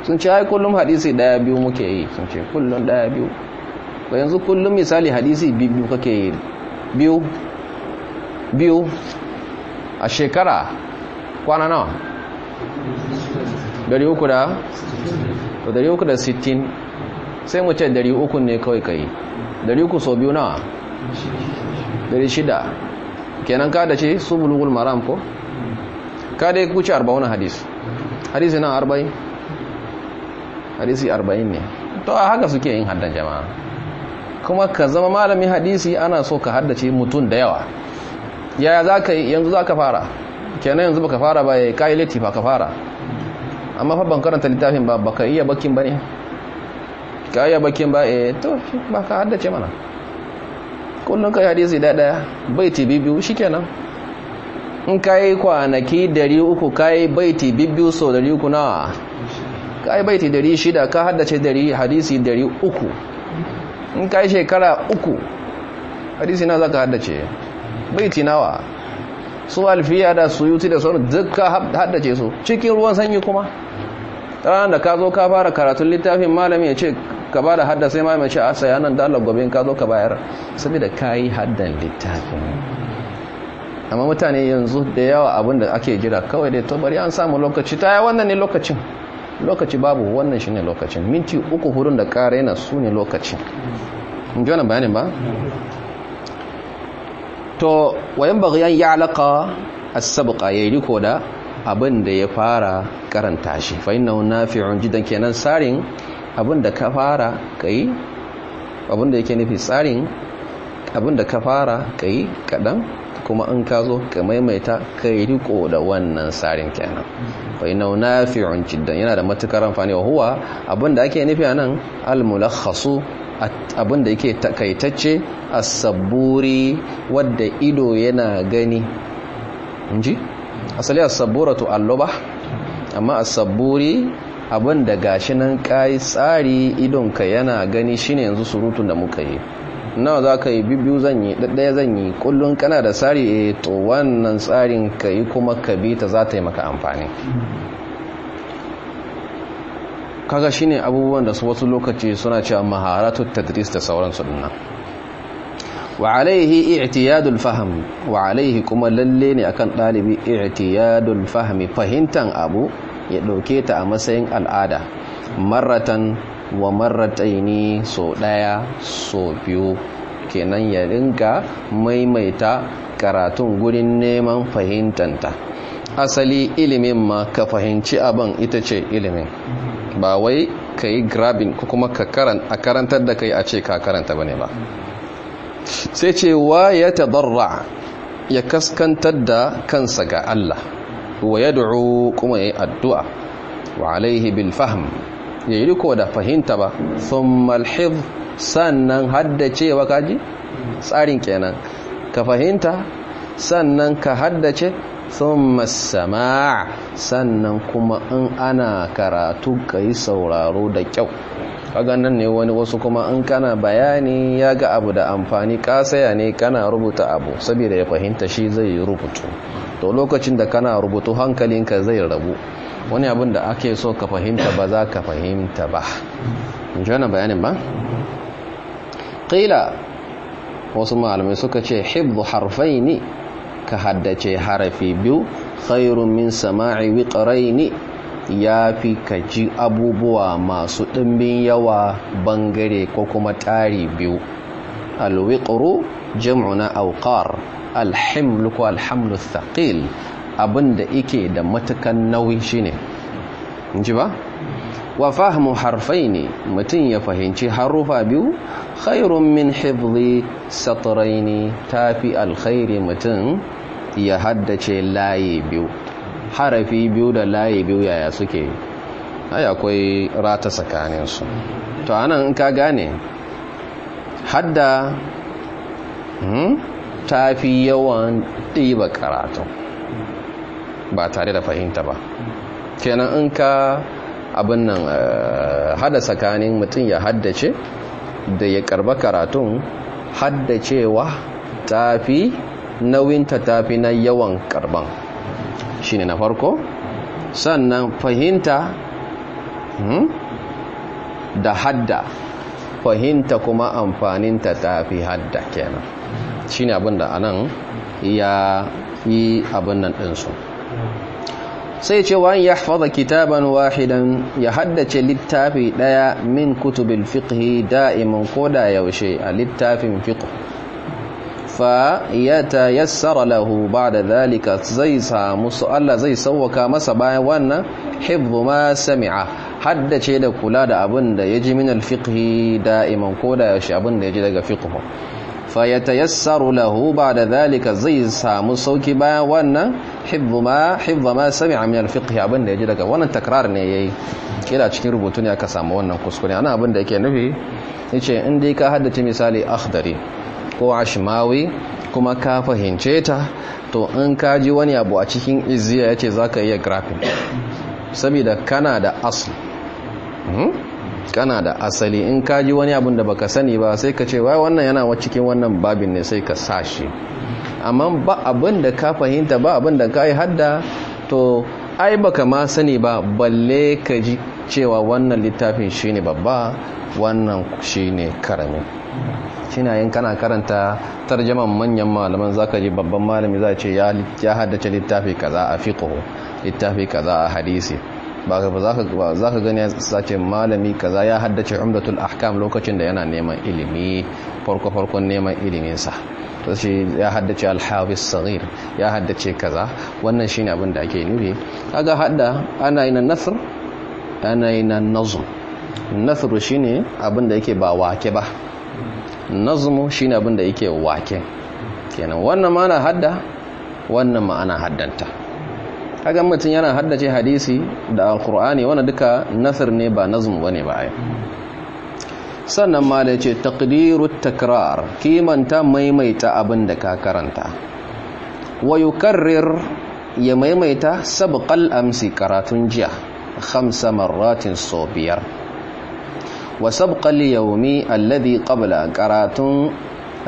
Speaker 1: sun ce ai kullum hadisi ɗaya biyu muke yi sun ce kullum ɗaya biyu ba yanzu kullum misali hadisi biyu kake yi biyu biyu a shekara kwana nawa 360 sai mu ce 300 ne kawai kai 300 sau biyu nawa 600 kenan ka da ce su bulugul maram ko ka dai kuce 40 hadis hadisi na 40 hadisi 40 ne to a haka suke yin haddan jama'a kuma ka zama malamin hadisi ana so ka haddace mutum da yawa yaya za ka yanzu za ka fara kenan yanzu ba ka fara ba ya eh, kayi leti ba ka fara amma fa ban karanta littafin ba baka iya bakin ba ne ka iya bakin ba eh to ba ka haddace mana kullum kai hadisi da daya baiti bibiyu shikenan in yi kwanaki 300 kai baiti bibiyu so uku na yi baiti shida ka haddace dari hadisi uku in yi shekara uku hadisi na za ka haddace baiti nawa su alfiya da suyuti da sauran duka haddace su cikin ruwan sanyi kuma ranar da ka zo ka fara karatun littafin malami ya ce ka ba da hadda sai ma mai a saya nan dalar gobe ka zo ka bayar saboda ka yi haddan littafin amma mutane yanzu da yawa abin da ake jira kawai dai to bari an samu lokaci ta wannan ne lokacin lokaci babu wannan shi ne lokacin minti uku hurun da ƙara na su ne lokacin in ji wannan bayanin ba to wayan yan ya alaka as-sabqa yayi riko da abin da ya fara karanta shi fa innahu nafi'un jiddan kenan sarin abin da ka fara kai abin da yake nufi tsarin abin da ka fara kai kadan kuma in ka zo ka maimaita ka yi riko da wannan tsarin kenan fa inna nafi'un jiddan yana da matukar amfani wa huwa abin ake nufi anan al-mulakhasu abin yake takaitacce as-saburi wanda ido yana gani inji asali as-saburatu al-lubah amma as-saburi abin gashi nan kai tsari idonka yana gani shine yanzu surutun da muka yi nawa za ka yi bibiyu zan yi ɗaɗɗaya zan yi kullum kana da tsari e to wannan tsarin ka yi kuma ka bi ta za ta yi maka amfani kaga ne abubuwan da su wasu lokaci suna cewa maharatu tadris da sauransu dinnan wa alaihi i'tiyadul fahm wa alaihi kuma lalle ne akan dalibi i'tiyadul fahmi fahimtan abu ya dauke ta a matsayin al'ada maratan wa marataini so ɗaya so biyu kenan ya rinka maimaita karatun gurin neman fahimtanta asali ilimin ma ka fahimci abin ita ce ilimin ba wai ka yi grabin ko kuma ka karantar da kai a ce ka karanta bane ba sai ce wa ya tadarra ya kaskantar da kansa ga Allah wa ya yad'u kuma yayi addu'a wa alaihi bil fahm ya yi riko da fahimta ba sun malhiz sannan haddacewa kaji tsarin kenan ka fahimta sannan ka haddace sun masama sannan kuma in ana karatu ka yi sauraro da kyau kaga ganin ne wani wasu kuma in kana bayani ya ga abu da amfani kasaya ne kana rubuta abu saboda ya fahimta shi zai rubutu to lokacin da kana rubutu hankalinka zai rabu wani abin da ake so ka fahimta ba za ka fahimta ba in ji bayanin ba ƙila wasu malamai suka ce hibbu harfai ne ka haddace harafi biyu khairun min sama'i wiƙarai ne ya fi ka ji abubuwa masu ɗimbin yawa bangare ko kuma tari biyu alwiƙaru jam'u na alhimlu ko alhamlu thaqil abin da ike da matukan nauyi shine in ba wa fahimu harfai ne mutum ya fahimci harufa biyu khairun min hifzi ne ta fi alkhairi mutum ya haddace layi biyu harafi biyu da layi biyu yaya suke Aya akwai rata tsakaninsu to anan in ka gane hadda hmm, ta fi yawan ɗiba karatu ba tare da fahimta ba kenan in ka abin nan eh, hada tsakanin mutum ya haddace da ya karba karatun haddacewa ta tafi nauyinta fi na yawan karban shine na farko sannan fahimta hmm, da hadda fahimta kuma amfaninta fi hadda kenan shine abin da anan ya yi abin nan ɗinsu sai ce wa ya hafaza kitaban wahidan ya haddace littafi daya min kutubil fiqhi da'iman da yaushe a littafin fiqh fa yatayassara lahu ba'da zalika zai samu Allah zai sauwaka masa bayan wannan hibbu ma sami'a haddace da kula da abin da ji min al-fiqhi ko da yaushe abin da ji daga fiqh fa yatayassaru lahu ba'da zalika zai samu sauki bayan wannan hibbu ma hibba ma sami'a min al-fiqh abin da yaji daga wannan takrar ne yayi kila cikin rubutu ne aka samu wannan kuskure ana abin da yake nufi yace in dai ka haddace misali akhdari ko ashmawi kuma ka fahince ta to in ka ji wani abu a cikin izziya yace zaka iya graphing saboda kana da asl hmm? kana da asali in ka ji wani abin da baka sani ba sai ka ce wai wannan yana cikin wannan babin ne sai ka sashi amma ba abin da ka fahimta ba abin da ka yi hadda to ai baka ma sani ba balle ka ji cewa wannan littafin shine babba wannan shine karami na yin kana karanta tarjaman manyan malaman zaka ji babban malami za ce ya haddace littafi kaza a fiqh littafi kaza a hadisi ba za ka gani sace malami kaza ya haddace umdatul ahkam lokacin da yana neman ilimi farko-farkon neman iliminsa ta shi ya haddace alhawis sarir ya haddace kaza wannan shine abin da ake nufi kaga hadda ana na nasir ana yin nazm shi shine abin da yake ba wake ba shi shine abin da yake wake kenan wannan ma'ana hadda wannan ma'ana haddanta kaga mutum yana haddace hadisi da alkur'ani wanda duka nasir ne ba nazm ne ba ai sannan ma da ce takdiru takrar kimanta maimaita abin da ka karanta wayo ya maimaita sabqal amsi karatun jiya hamsa marratin so biyar wa sabqal yawmi alladhi qabla karatun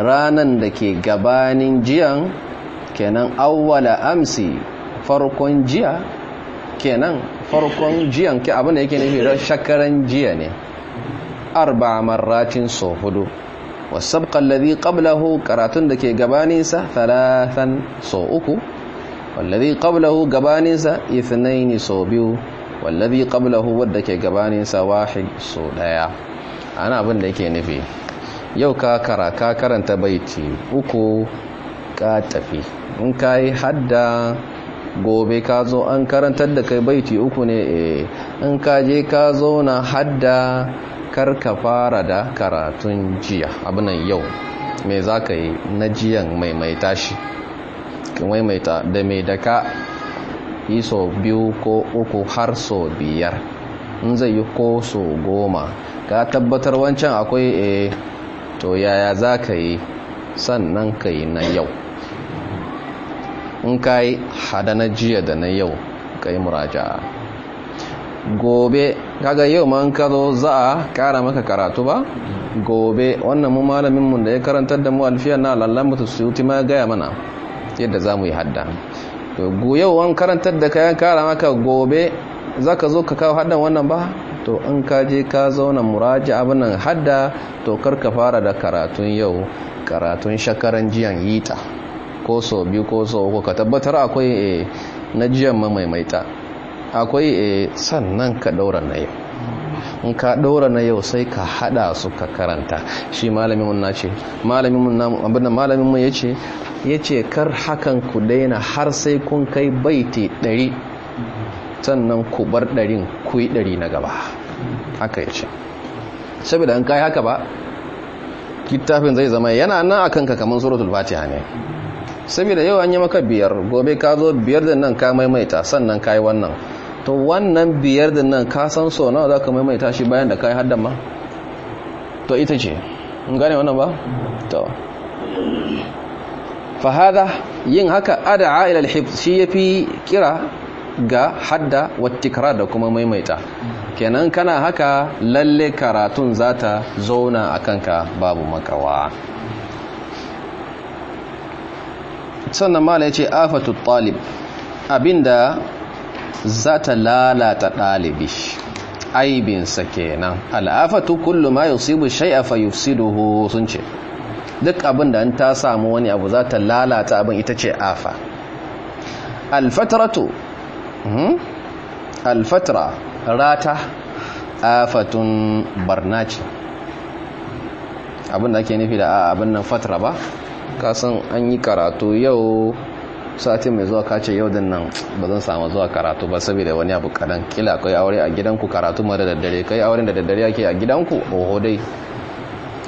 Speaker 1: ranan da ke gabanin jiyan kenan awwala amsi farkon jiya kenan farkon jiyan ke abin da yake nufi don shakaran jiya ne arba marratin so hudu wasabqa alladhi hu karatun da ke gabaninsa thalathan so uku walladhi hu gabaninsa ifinaini so biyu walladhi hu wadda ke gabaninsa wahid so daya ana abin da yake nufi yau ka kara ka karanta baiti uku ka tafi in yi hadda gobe ka zo an karantar da kai baiti uku ne eh, in ka je ka zauna hadda kar ka fara da karatun jiya abinan yau me za ka yi na jiyan maimaita shi maimaita da mai da ka yi so biyu ko uku har so biyar in zai yi ko so goma ka tabbatar wancan akwai e to yaya za ka yi sannan ka yi na yau in ka yi hada na jiya da na yau ka yi muraja gobe kaga yau ma in ka zo za a kara maka karatu ba gobe wannan mu malaminmu da ya karantar da mu alfiyar na lallan mutu su yi ma gaya mana yadda za mu yi hadda yau an karantar da kayan kara maka gobe za ka zo ka kawo haddan wannan ba to in ka je ka zauna muraji abin nan hadda to kar ka fara da karatun yau karatun shakaran jiyan yita ko so biyu ko so uku ka tabbatar akwai eh, na jiyan mamaimaita akwai eh, sannan ka daura na yau in ka ɗaura na yau sai ka haɗa su ka karanta shi malamin na ce malamin abinda malamin mu yace yace kar hakan ku daina har sai kun kai baiti ɗari sannan ku bar ɗarin ku yi ɗari na gaba haka yace saboda in kai haka ba kitafin zai zama yana nan akan ka kamar suratul fatiha ne saboda yau an yi maka biyar gobe ka zo biyar da nan ka maimaita sannan ka yi wannan to wannan biyar da nan ka san so nawa za ka maimaita shi bayan da ka yi haddan ma to ita ce in gane wannan ba to hada yin haka ada'a ila al-hifz shi yafi kira ga hadda wa tikrar da kuma maimaita kenan kana haka lalle karatun zata zauna a kanka babu makawa sannan mala ya ce afatu talib abinda za ta lalata ɗalibi aibinsa kenan al'afatu kullum ma yusibu shay'a fa sun ce duk abin da an ta samu wani abu za ta lalata abin ita ce afa alfataratu hmm? alfatara rata afatun barna ce abin ake nufi da abin nan fatara ba kasan an yi karatu yau sati mai zuwa kace yau din nan ba zan samu zuwa karatu ba saboda wani abu kadan kila kai aure a gidanku karatu mara da daddare kai aure da daddare yake a gidanku oho dai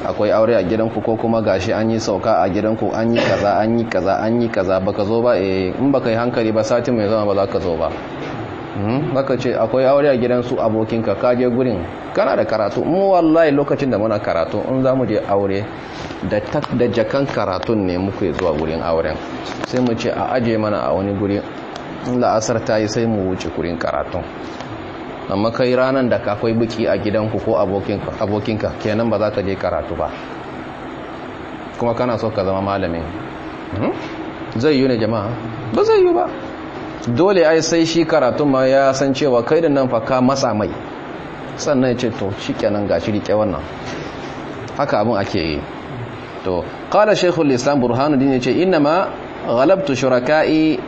Speaker 1: akwai aure a gidanku ko kuma gashi an yi sauka a gidanku an yi kaza an yi kaza an yi kaza baka zo ba eh in baka yi hankali ba sati mai zuwa ba za ka zo ba baka hmm? ce akwai aure a gidansu abokinka kaje gurin kana da karatu mu wallahi lokacin da muna karatu in za mu je aure da jakan karatu ne muke zuwa gurin auren sai mu ce a aje mana a wani guri la'asar ta yi sai mu wuce gurin karatun amma kai ranar da kakwai biki a gidanku ko abokinka kenan ba za ka je karatu ba kuma kana so ka zama malamin hmm? zai yi ne jama'a ba zai yi ba dole ai sai shi karatun ma ya san cewa kai da nan fa ka matsa mai sannan ya ce to shi ga shi rike wannan haka abin ake yi to qala shaykhul islam burhanuddin ya ce inna ma ghalabtu shuraka'i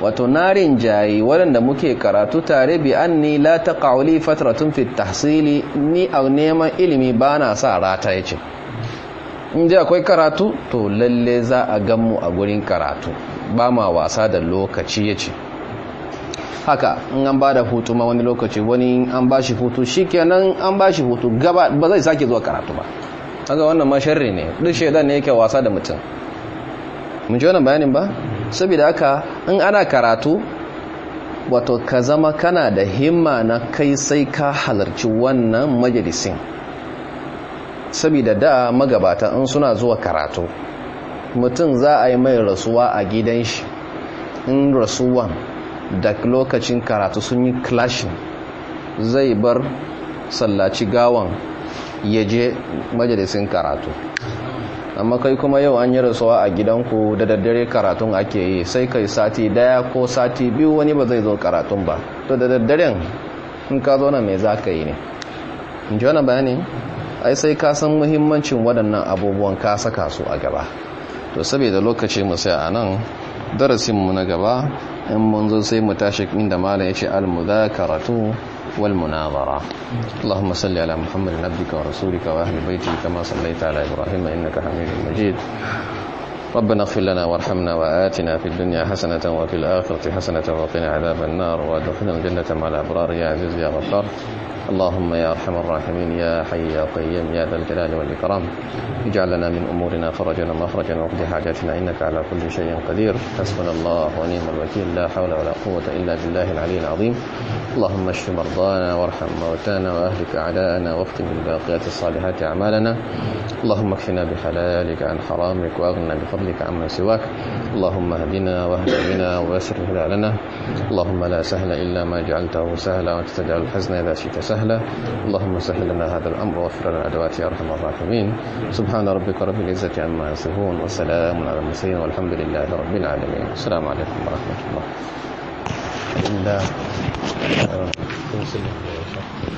Speaker 1: wato narin jayi waɗanda muke karatu tare bi anni la taqauli fatratun fi tahsili ni a neman ilimi bana sa rata yace in ji akwai karatu to lalle za a gan mu a gurin karatu ba ma wasa da lokaci ya ce haka in an ba da hutu ma wani lokaci wani an ba shi hutu shi kenan an ba shi hutu gaba ba zai sake zuwa karatu ba haka wannan masharri ne duk shaidan ne yake wasa da mutum mun ji wannan bayanin ba saboda haka in ana karatu wato ka zama kana da himma na kai sai ka halarci wannan majalisin saboda da magabata in suna zuwa karatu mutum za a yi mai rasuwa a gidan shi in rasuwan da lokacin karatu sun yi clashing zai bar sallaci gawan ya je majalisin karatu amma kai kuma yau an yi rasuwa a gidanku da daddare karatun ake yi sai kai sati daya ko sati biyu wani ba zai zo karatun ba to da daddaren in ka zo na mai za ka yi ne in ji wani bayani ai sai ka san muhimmancin waɗannan abubuwan ka saka su a gaba to saboda lokaci mu sai anan darasin mu na gaba in mun zo sai mu tashi inda malam yace al-mudhakaratu wal munazara Allahumma salli ala Muhammadin nabiyyika wa rasulika wa ahli baitihi kama sallaita ala Ibrahim innaka Hamidum Majid ربنا اغفر لنا وارحمنا وآتنا في الدنيا حسنة وفي الآخرة حسنة وقنا عذاب النار وادخلنا الجنة مع الأبرار يا عزيز يا غفار اللهم يا أرحم الراحمين يا حي يا قيوم يا ذا الجلال والإكرام اجعل لنا من أمورنا فرجا ومخرجا وقضي حاجاتنا إنك على كل شيء قدير حسبنا الله ونعم الوكيل لا حول ولا قوة إلا بالله العلي العظيم اللهم اشف مرضانا وارحم موتانا وأهلك أعداءنا واختم بالباقيات الصالحات أعمالنا اللهم اكفنا بحلالك عن حرامك وأغنى بفضلك عمن سواك اللهم اهدنا واهد بنا ويسر لنا اللهم لا سهل إلا ما جعلته سهلا وتجعل الحزن إذا شئت سهلا سهلة اللهم سهل لنا هذا الأمر واغفر لنا أدوات يا أرحم الراحمين سبحان ربك رب العزة عما يصفون وسلام على المرسلين والحمد لله رب العالمين السلام عليكم ورحمة الله الحمد لله